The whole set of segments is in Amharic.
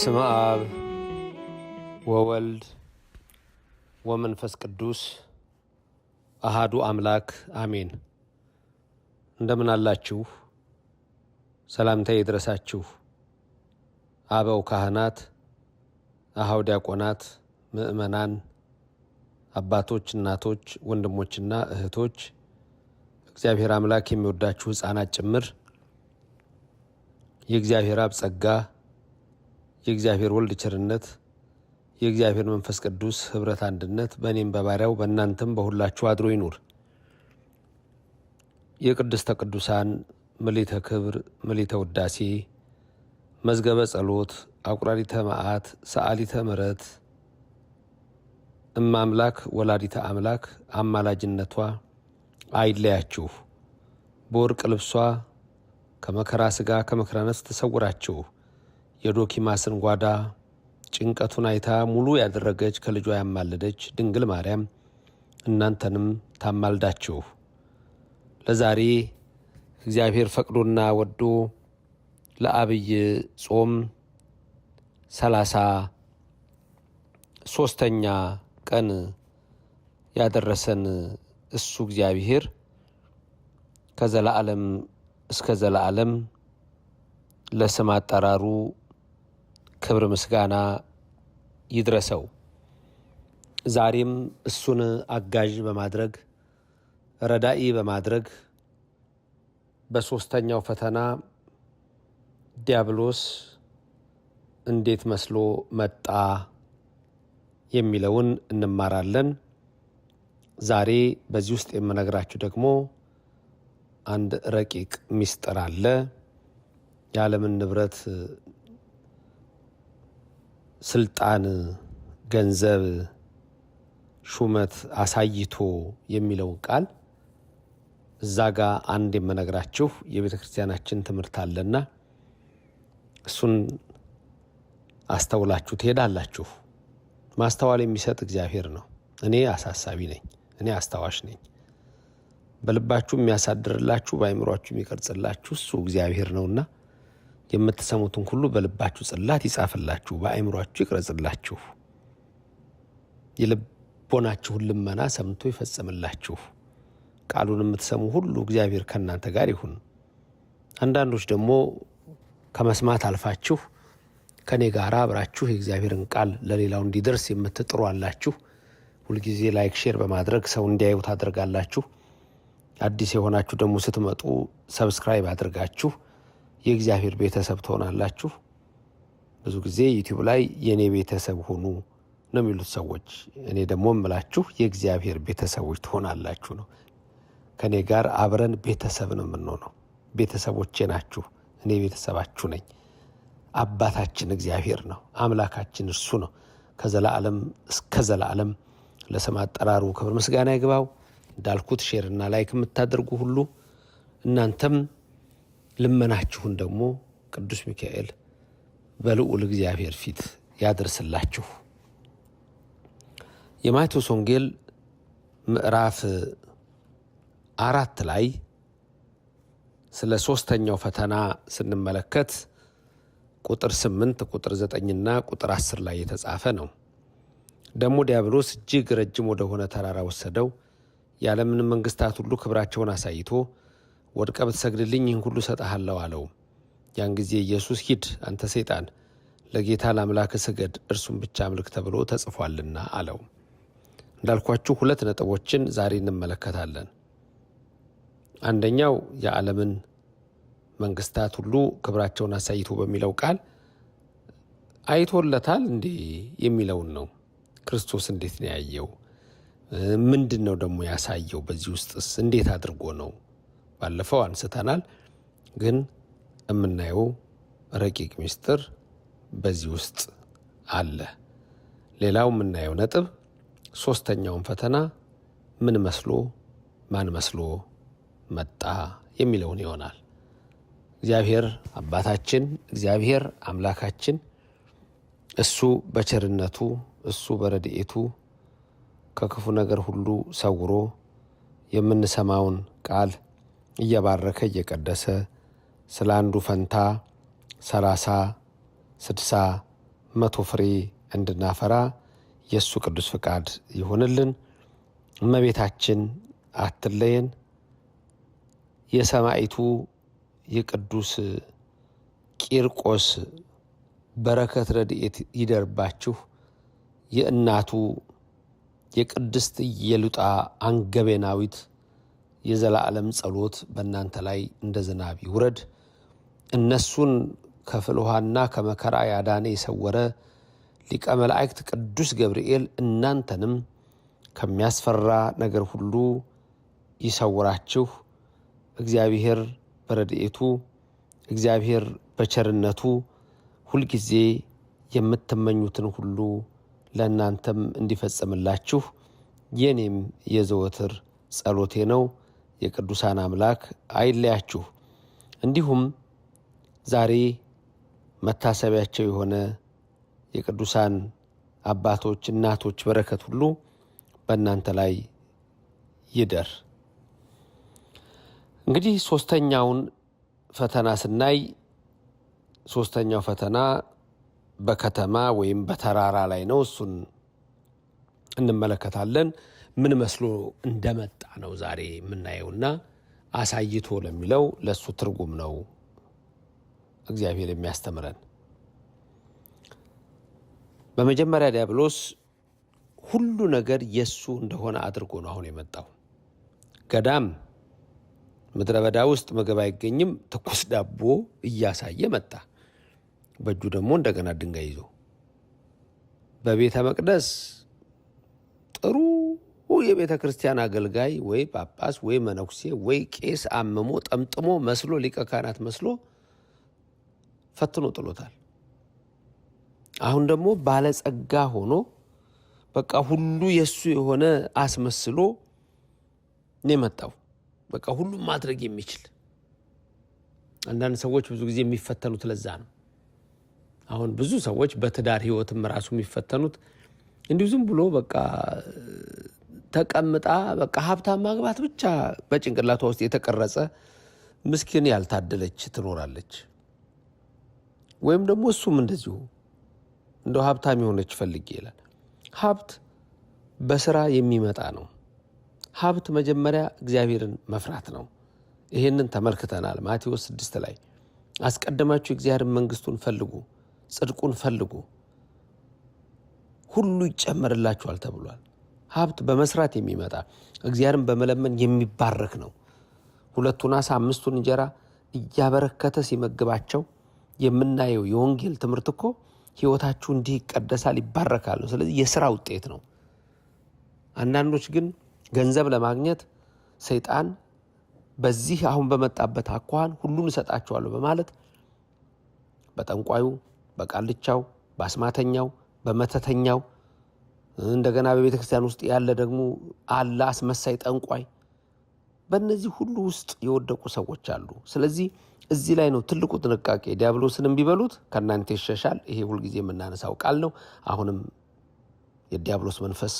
በስመ አብ ወወልድ ወመንፈስ ቅዱስ አሃዱ አምላክ አሜን። እንደምን አላችሁ? ሰላምታ ይድረሳችሁ። አበው ካህናት፣ አሃው ዲያቆናት፣ ምእመናን፣ አባቶች፣ እናቶች፣ ወንድሞችና እህቶች እግዚአብሔር አምላክ የሚወዳችሁ ሕፃናት ጭምር የእግዚአብሔር አብ ጸጋ የእግዚአብሔር ወልድ ቸርነት የእግዚአብሔር መንፈስ ቅዱስ ህብረት አንድነት በእኔም በባሪያው በእናንተም በሁላችሁ አድሮ ይኑር። የቅድስተ ቅዱሳን ምሊተ ክብር ምሊተ ውዳሴ መዝገበ ጸሎት አቁራሪተ መዓት ሰዓሊተ ምረት እማምላክ ወላዲተ አምላክ አማላጅነቷ አይለያችሁ። በወርቅ ልብሷ ከመከራ ሥጋ ከመከራ ነፍስ ተሰውራችሁ ማስን ጓዳ ጭንቀቱን አይታ ሙሉ ያደረገች ከልጇ ያማለደች ድንግል ማርያም እናንተንም ታማልዳችሁ። ለዛሬ እግዚአብሔር ፈቅዶና ወዶ ለአብይ ጾም ሰላሳ ሶስተኛ ቀን ያደረሰን እሱ እግዚአብሔር ከዘላዓለም እስከ ዘላዓለም ለስም አጠራሩ ክብር ምስጋና ይድረሰው። ዛሬም እሱን አጋዥ በማድረግ ረዳኢ በማድረግ በሦስተኛው ፈተና ዲያብሎስ እንዴት መስሎ መጣ የሚለውን እንማራለን። ዛሬ በዚህ ውስጥ የምነግራችሁ ደግሞ አንድ ረቂቅ ሚስጥር አለ። የዓለምን ንብረት ስልጣን፣ ገንዘብ፣ ሹመት አሳይቶ የሚለውን ቃል እዛ ጋ አንድ የምነግራችሁ የቤተ ክርስቲያናችን ትምህርት አለና እሱን አስተውላችሁ ትሄዳላችሁ። ማስተዋል የሚሰጥ እግዚአብሔር ነው። እኔ አሳሳቢ ነኝ። እኔ አስታዋሽ ነኝ። በልባችሁ የሚያሳድርላችሁ፣ በአይምሯችሁ የሚቀርጽላችሁ እሱ እግዚአብሔር ነውና የምትሰሙትን ሁሉ በልባችሁ ጽላት ይጻፍላችሁ፣ በአይምሯችሁ ይቅረጽላችሁ፣ የልቦናችሁን ልመና ሰምቶ ይፈጽምላችሁ። ቃሉን የምትሰሙ ሁሉ እግዚአብሔር ከእናንተ ጋር ይሁን። አንዳንዶች ደግሞ ከመስማት አልፋችሁ ከእኔ ጋር አብራችሁ የእግዚአብሔርን ቃል ለሌላው እንዲደርስ የምትጥሩ አላችሁ። ሁልጊዜ ላይክ፣ ሼር በማድረግ ሰው እንዲያዩ ታደርጋላችሁ። አዲስ የሆናችሁ ደግሞ ስትመጡ ሰብስክራይብ አድርጋችሁ የእግዚአብሔር ቤተሰብ ትሆናላችሁ። ብዙ ጊዜ ዩቲዩብ ላይ የእኔ ቤተሰብ ሁኑ ነው የሚሉት ሰዎች። እኔ ደግሞ የምላችሁ የእግዚአብሔር ቤተሰቦች ትሆናላችሁ ነው። ከእኔ ጋር አብረን ቤተሰብ ነው የምንሆነው። ቤተሰቦቼ ናችሁ፣ እኔ ቤተሰባችሁ ነኝ። አባታችን እግዚአብሔር ነው፣ አምላካችን እርሱ ነው። ከዘላለም እስከ ዘላለም ለስም አጠራሩ ክብር ምስጋና ይግባው። እንዳልኩት ሼርና ላይክ የምታደርጉ ሁሉ እናንተም ልመናችሁን ደግሞ ቅዱስ ሚካኤል በልዑል እግዚአብሔር ፊት ያደርስላችሁ። የማቴዎስ ወንጌል ምዕራፍ አራት ላይ ስለ ሶስተኛው ፈተና ስንመለከት ቁጥር ስምንት ቁጥር ዘጠኝና ቁጥር አስር ላይ የተጻፈ ነው። ደግሞ ዲያብሎስ እጅግ ረጅም ወደሆነ ተራራ ወሰደው፣ የዓለምን መንግስታት ሁሉ ክብራቸውን አሳይቶ ወድቀ ብትሰግድልኝ ይህን ሁሉ ሰጠሃለሁ አለው። ያን ጊዜ ኢየሱስ ሂድ አንተ ሰይጣን ለጌታ ለአምላክ ስገድ እርሱም ብቻ አምልክ ተብሎ ተጽፏልና አለው። እንዳልኳችሁ ሁለት ነጥቦችን ዛሬ እንመለከታለን። አንደኛው የዓለምን መንግስታት ሁሉ ክብራቸውን አሳይቶ በሚለው ቃል አይቶለታል እንዴ የሚለውን ነው። ክርስቶስ እንዴት ነው ያየው? ምንድን ነው ደግሞ ያሳየው? በዚህ ውስጥስ እንዴት አድርጎ ነው ባለፈው አንስተናል። ግን የምናየው ረቂቅ ምስጢር በዚህ ውስጥ አለ። ሌላው የምናየው ነጥብ ሶስተኛውን ፈተና ምን መስሎ ማን መስሎ መጣ የሚለውን ይሆናል። እግዚአብሔር አባታችን እግዚአብሔር አምላካችን እሱ በቸርነቱ እሱ በረድኤቱ ከክፉ ነገር ሁሉ ሰውሮ የምንሰማውን ቃል እየባረከ እየቀደሰ ስለ አንዱ ፈንታ ሰላሳ ስድሳ መቶ ፍሬ እንድናፈራ የእሱ ቅዱስ ፍቃድ ይሁንልን። እመቤታችን አትለየን። የሰማይቱ የቅዱስ ቂርቆስ በረከት ረድኤት ይደርባችሁ። የእናቱ የቅድስት የሉጣ አንገቤናዊት የዘላለም ጸሎት በእናንተ ላይ እንደ ዝናብ ይውረድ። እነሱን ከፍልውሃና ከመከራ ያዳነ የሰወረ ሊቀ መላእክት ቅዱስ ገብርኤል እናንተንም ከሚያስፈራ ነገር ሁሉ ይሰውራችሁ። እግዚአብሔር በረድኤቱ እግዚአብሔር በቸርነቱ ሁልጊዜ የምትመኙትን ሁሉ ለእናንተም እንዲፈጽምላችሁ የኔም የዘወትር ጸሎቴ ነው። የቅዱሳን አምላክ አይለያችሁ። እንዲሁም ዛሬ መታሰቢያቸው የሆነ የቅዱሳን አባቶች፣ እናቶች በረከት ሁሉ በእናንተ ላይ ይደር። እንግዲህ ሶስተኛውን ፈተና ስናይ ሶስተኛው ፈተና በከተማ ወይም በተራራ ላይ ነው። እሱን እንመለከታለን። ምን መስሎ እንደመጣ ነው ዛሬ የምናየውና አሳይቶ ለሚለው ለእሱ ትርጉም ነው እግዚአብሔር የሚያስተምረን። በመጀመሪያ ዲያብሎስ ሁሉ ነገር የእሱ እንደሆነ አድርጎ ነው አሁን የመጣው። ገዳም ምድረ በዳ ውስጥ ምግብ አይገኝም፣ ትኩስ ዳቦ እያሳየ መጣ። በእጁ ደግሞ እንደገና ድንጋይ ይዞ በቤተ መቅደስ ጥሩ የቤተ ክርስቲያን አገልጋይ ወይ ጳጳስ ወይ መነኩሴ ወይ ቄስ አምሞ ጠምጥሞ መስሎ ሊቀ ካህናት መስሎ ፈትኖ ጥሎታል። አሁን ደግሞ ባለጸጋ ሆኖ በቃ ሁሉ የእሱ የሆነ አስመስሎ ነው የመጣው። በቃ ሁሉም ማድረግ የሚችል አንዳንድ ሰዎች ብዙ ጊዜ የሚፈተኑት ለዛ ነው። አሁን ብዙ ሰዎች በትዳር ህይወትም ራሱ የሚፈተኑት እንዲሁ ዝም ብሎ በቃ ተቀምጣ በቃ ሀብታም ማግባት ብቻ በጭንቅላቷ ውስጥ የተቀረጸ ምስኪን ያልታደለች ትኖራለች። ወይም ደግሞ እሱም እንደዚሁ እንደው ሀብታም የሆነች ፈልጌ ይላል። ሀብት በስራ የሚመጣ ነው። ሀብት መጀመሪያ እግዚአብሔርን መፍራት ነው። ይሄንን ተመልክተናል። ማቴዎስ ስድስት ላይ አስቀድማችሁ እግዚአብሔር መንግስቱን ፈልጉ፣ ጽድቁን ፈልጉ፣ ሁሉ ይጨመርላችኋል ተብሏል። ሀብት በመስራት የሚመጣ እግዚአብሔርን በመለመን የሚባረክ ነው። ሁለቱን አሳ አምስቱን እንጀራ እያበረከተ ሲመግባቸው የምናየው የወንጌል ትምህርት እኮ ህይወታችሁ እንዲህ ይቀደሳል፣ ይባረካሉ። ስለዚህ የስራ ውጤት ነው። አንዳንዶች ግን ገንዘብ ለማግኘት ሰይጣን በዚህ አሁን በመጣበት አኳኋን ሁሉን እሰጣቸዋለሁ በማለት በጠንቋዩ፣ በቃልቻው፣ በአስማተኛው፣ በመተተኛው እንደገና በቤተ ክርስቲያን ውስጥ ያለ ደግሞ አለ አስመሳይ ጠንቋይ። በእነዚህ ሁሉ ውስጥ የወደቁ ሰዎች አሉ። ስለዚህ እዚህ ላይ ነው ትልቁ ጥንቃቄ። ዲያብሎስንም ቢበሉት ከእናንተ ይሸሻል። ይሄ ሁልጊዜ የምናነሳው ቃል ነው። አሁንም የዲያብሎስ መንፈስ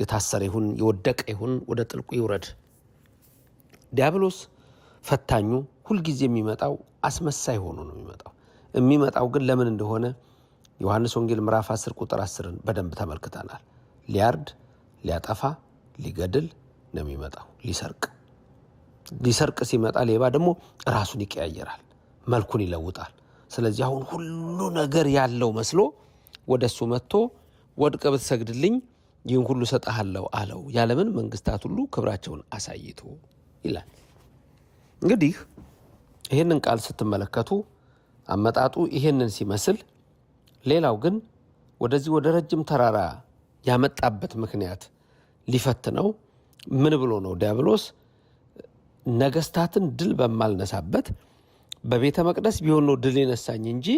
የታሰረ ይሁን የወደቀ ይሁን ወደ ጥልቁ ይውረድ። ዲያብሎስ ፈታኙ ሁልጊዜ የሚመጣው አስመሳይ ሆኖ ነው የሚመጣው። የሚመጣው ግን ለምን እንደሆነ ዮሐንስ ወንጌል ምዕራፍ 10 ቁጥር 10ን በደንብ ተመልክተናል። ሊያርድ፣ ሊያጠፋ፣ ሊገድል ነው የሚመጣው። ሊሰርቅ ሊሰርቅ ሲመጣ ሌባ ደግሞ ራሱን ይቀያየራል፣ መልኩን ይለውጣል። ስለዚህ አሁን ሁሉ ነገር ያለው መስሎ ወደ እሱ መጥቶ ወድቀ ብትሰግድልኝ ይህን ሁሉ ሰጠሃለሁ አለው። ያለምን መንግስታት ሁሉ ክብራቸውን አሳይቶ ይላል። እንግዲህ ይህንን ቃል ስትመለከቱ አመጣጡ ይህንን ሲመስል ሌላው ግን ወደዚህ ወደ ረጅም ተራራ ያመጣበት ምክንያት ሊፈትነው ምን ብሎ ነው ዲያብሎስ ነገስታትን ድል በማልነሳበት በቤተ መቅደስ ቢሆን ነው ድል ይነሳኝ እንጂ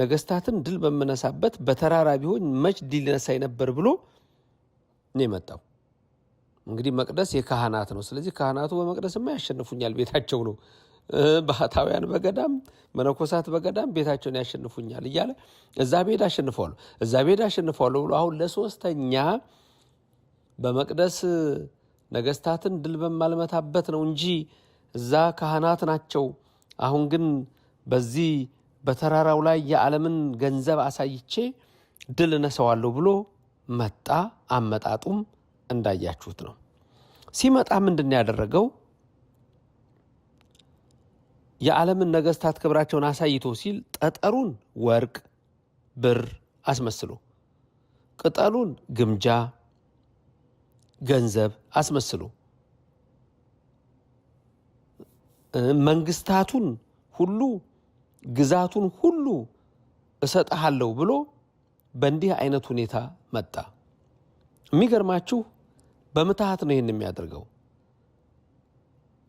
ነገስታትን ድል በምነሳበት በተራራ ቢሆን መች ድል ይነሳኝ ነበር ብሎ ነው የመጣው። እንግዲህ መቅደስ የካህናት ነው። ስለዚህ ካህናቱ በመቅደስማ ያሸንፉኛል፣ ቤታቸው ነው ባህታውያን በገዳም መነኮሳት በገዳም ቤታቸውን ያሸንፉኛል እያለ እዛ ብሄድ አሸንፈዋለሁ እዛ ብሄድ አሸንፈዋለሁ ብሎ አሁን ለሶስተኛ በመቅደስ ነገስታትን ድል በማልመታበት ነው እንጂ እዛ ካህናት ናቸው። አሁን ግን በዚህ በተራራው ላይ የዓለምን ገንዘብ አሳይቼ ድል እነሰዋለሁ ብሎ መጣ። አመጣጡም እንዳያችሁት ነው። ሲመጣ ምንድን ያደረገው? የዓለምን ነገስታት ክብራቸውን አሳይቶ ሲል ጠጠሩን ወርቅ፣ ብር አስመስሎ ቅጠሉን ግምጃ፣ ገንዘብ አስመስሎ መንግስታቱን ሁሉ ግዛቱን ሁሉ እሰጥሃለሁ ብሎ በእንዲህ አይነት ሁኔታ መጣ። የሚገርማችሁ በምትሃት ነው ይህን የሚያደርገው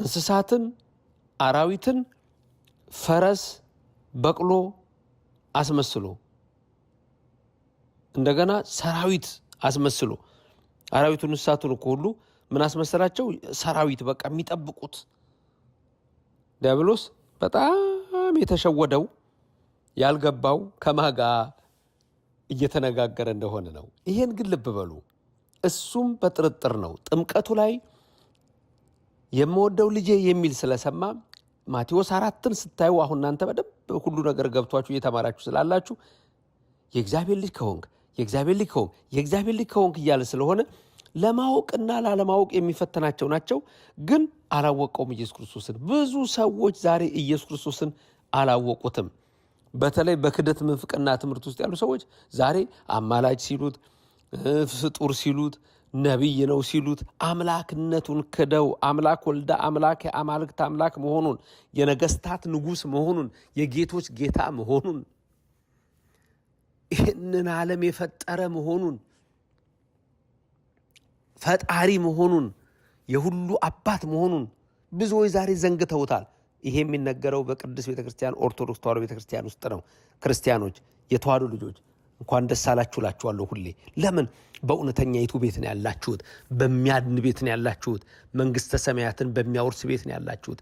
እንስሳትን አራዊትን ፈረስ፣ በቅሎ አስመስሎ እንደገና ሰራዊት አስመስሎ አራዊቱን እንስሳቱን እኮ ሁሉ ምን አስመሰላቸው? ሰራዊት በቃ የሚጠብቁት። ዲያብሎስ በጣም የተሸወደው ያልገባው ከማጋ እየተነጋገረ እንደሆነ ነው። ይሄን ግን ልብ በሉ። እሱም በጥርጥር ነው። ጥምቀቱ ላይ የምወደው ልጄ የሚል ስለሰማ ማቴዎስ አራትን ስታዩ አሁን እናንተ በደንብ ሁሉ ነገር ገብቷችሁ እየተማራችሁ ስላላችሁ የእግዚአብሔር ልጅ ከሆንክ የእግዚአብሔር ልጅ ከሆንክ የእግዚአብሔር ልጅ ከሆንክ እያለ ስለሆነ ለማወቅና ላለማወቅ የሚፈተናቸው ናቸው። ግን አላወቀውም ኢየሱስ ክርስቶስን። ብዙ ሰዎች ዛሬ ኢየሱስ ክርስቶስን አላወቁትም። በተለይ በክደት ምንፍቅና ትምህርት ውስጥ ያሉ ሰዎች ዛሬ አማላጅ ሲሉት ፍጡር ሲሉት ነቢይ ነው ሲሉት አምላክነቱን ክደው አምላክ ወልዳ አምላክ የአማልክት አምላክ መሆኑን የነገስታት ንጉስ መሆኑን የጌቶች ጌታ መሆኑን ይህንን ዓለም የፈጠረ መሆኑን ፈጣሪ መሆኑን የሁሉ አባት መሆኑን ብዙዎች ዛሬ ዘንግተውታል። ይሄ የሚነገረው በቅዱስ ቤተክርስቲያን ኦርቶዶክስ ተዋሕዶ ቤተክርስቲያን ውስጥ ነው። ክርስቲያኖች የተዋሕዶ ልጆች እንኳን ደስ አላችሁ ላችኋለሁ ሁሌ። ለምን በእውነተኛ ይቱ ቤት ነው ያላችሁት፣ በሚያድን ቤት ነው ያላችሁት፣ መንግሥተ ሰማያትን በሚያወርስ ቤት ነው ያላችሁት።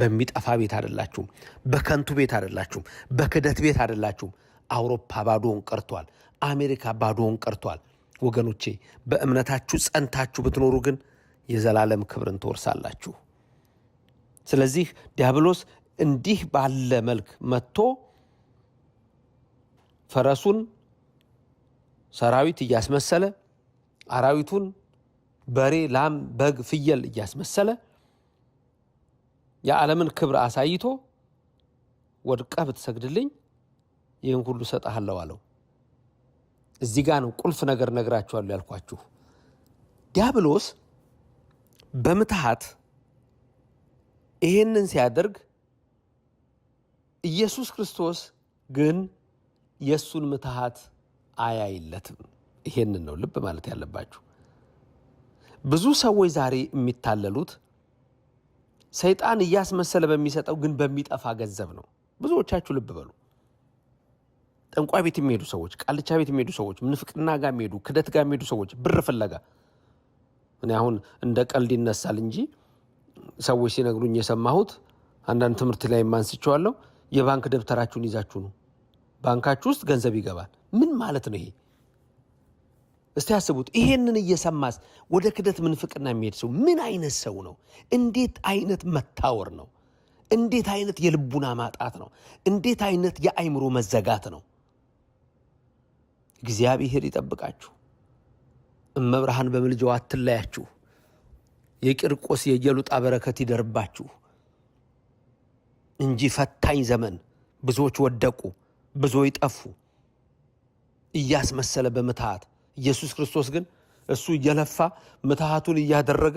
በሚጠፋ ቤት አይደላችሁም፣ በከንቱ ቤት አይደላችሁም፣ በክደት ቤት አይደላችሁም። አውሮፓ ባዶውን ቀርቷል፣ አሜሪካ ባዶውን ቀርቷል። ወገኖቼ በእምነታችሁ ጸንታችሁ ብትኖሩ ግን የዘላለም ክብርን ትወርሳላችሁ። ስለዚህ ዲያብሎስ እንዲህ ባለ መልክ መጥቶ ፈረሱን ሰራዊት እያስመሰለ አራዊቱን በሬ፣ ላም፣ በግ፣ ፍየል እያስመሰለ የዓለምን ክብር አሳይቶ ወድቀ ብትሰግድልኝ ይህን ሁሉ ሰጥሃለሁ አለው። እዚህ ጋ ነው ቁልፍ ነገር ነግራችኋለሁ ያልኳችሁ። ዲያብሎስ በምትሃት ይሄንን ሲያደርግ ኢየሱስ ክርስቶስ ግን የእሱን ምትሃት አያይለትም። ይሄንን ነው ልብ ማለት ያለባችሁ። ብዙ ሰዎች ዛሬ የሚታለሉት ሰይጣን እያስመሰለ በሚሰጠው ግን በሚጠፋ ገንዘብ ነው። ብዙዎቻችሁ ልብ በሉ። ጠንቋይ ቤት የሚሄዱ ሰዎች፣ ቃልቻ ቤት የሚሄዱ ሰዎች፣ ምንፍቅና ጋር የሚሄዱ ክደት ጋር የሚሄዱ ሰዎች ብር ፍለጋ። እኔ አሁን እንደ ቀልድ ይነሳል እንጂ ሰዎች ሲነግሩኝ የሰማሁት አንዳንድ ትምህርት ላይ አንስቼዋለሁ። የባንክ ደብተራችሁን ይዛችሁ ነው፣ ባንካችሁ ውስጥ ገንዘብ ይገባል። ምን ማለት ነው ይሄ? እስቲ ያስቡት። ይሄንን እየሰማስ ወደ ክደት ምንፍቅና የሚሄድ ሰው ምን አይነት ሰው ነው? እንዴት አይነት መታወር ነው? እንዴት አይነት የልቡና ማጣት ነው? እንዴት አይነት የአይምሮ መዘጋት ነው? እግዚአብሔር ይጠብቃችሁ። እመብርሃን በምልጃዋ አትለያችሁ። የቂርቆስ የየሉጣ በረከት ይደርባችሁ እንጂ ፈታኝ ዘመን ብዙዎች ወደቁ፣ ብዙዎች ጠፉ። እያስመሰለ በምትሃት ኢየሱስ ክርስቶስ ግን እሱ እየለፋ ምትሃቱን እያደረገ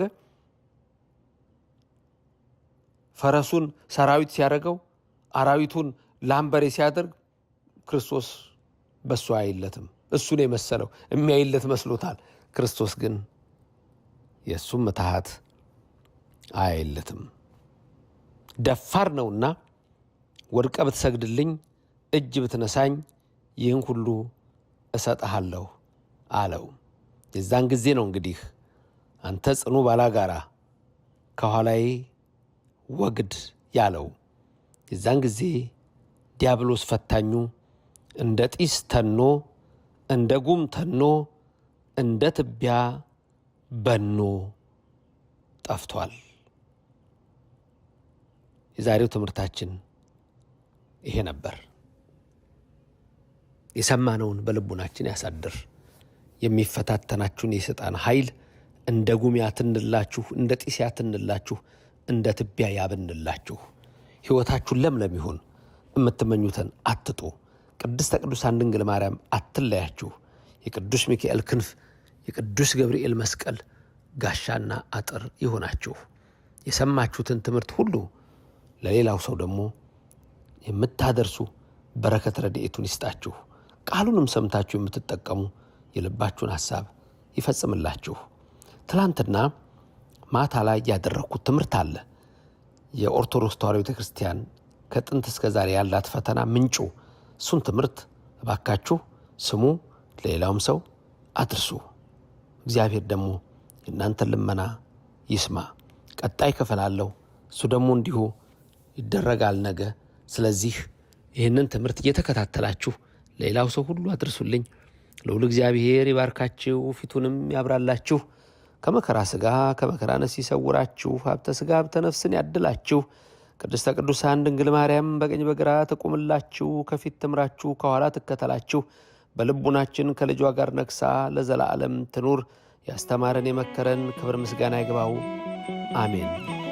ፈረሱን ሰራዊት ሲያደርገው አራዊቱን ላምበሬ ሲያደርግ ክርስቶስ በሱ አይለትም። እሱን የመሰለው የሚያይለት መስሎታል። ክርስቶስ ግን የእሱም ምትሃት አያይለትም። ደፋር ነውና ወድቀ ብትሰግድልኝ እጅ ብትነሳኝ ይህን ሁሉ እሰጥሃለሁ አለው። የዛን ጊዜ ነው እንግዲህ አንተ ጽኑ ባላጋራ ከኋላዬ ወግድ ያለው። የዛን ጊዜ ዲያብሎስ ፈታኙ እንደ ጢስ ተኖ እንደ ጉም ተኖ እንደ ትቢያ በኖ ጠፍቷል። የዛሬው ትምህርታችን ይሄ ነበር። የሰማነውን በልቡናችን ያሳድር። የሚፈታተናችሁን የሰይጣን ኃይል እንደ ጉም ያትንላችሁ፣ እንደ ጢስ ያትንላችሁ፣ እንደ ትቢያ ያብንላችሁ። ሕይወታችሁን ለምለም ይሁን። የምትመኙትን አትጡ። ቅድስተ ቅዱሳን ድንግል ማርያም አትለያችሁ። የቅዱስ ሚካኤል ክንፍ፣ የቅዱስ ገብርኤል መስቀል ጋሻና አጥር ይሆናችሁ። የሰማችሁትን ትምህርት ሁሉ ለሌላው ሰው ደግሞ የምታደርሱ በረከት ረድኤቱን ይስጣችሁ። ቃሉንም ሰምታችሁ የምትጠቀሙ የልባችሁን ሐሳብ ይፈጽምላችሁ። ትላንትና ማታ ላይ ያደረግኩት ትምህርት አለ። የኦርቶዶክስ ተዋሕዶ ቤተ ክርስቲያን ከጥንት እስከ ዛሬ ያላት ፈተና ምንጩ፣ እሱን ትምህርት እባካችሁ ስሙ፣ ለሌላውም ሰው አድርሱ። እግዚአብሔር ደግሞ የእናንተን ልመና ይስማ። ቀጣይ ክፍል አለው። እሱ ደግሞ እንዲሁ ይደረጋል ነገ። ስለዚህ ይህንን ትምህርት እየተከታተላችሁ ሌላው ሰው ሁሉ አድርሱልኝ። ልዑል እግዚአብሔር ይባርካችሁ፣ ፊቱንም ያብራላችሁ፣ ከመከራ ሥጋ ከመከራ ነፍስ ይሰውራችሁ፣ ሀብተ ሥጋ ሀብተ ነፍስን ያድላችሁ። ቅድስተ ቅዱሳን ድንግል ማርያም በቀኝ በግራ ትቁምላችሁ፣ ከፊት ትምራችሁ፣ ከኋላ ትከተላችሁ። በልቡናችን ከልጇ ጋር ነግሳ ለዘላለም ትኑር። ያስተማረን የመከረን ክብር ምስጋና ይግባው። አሜን።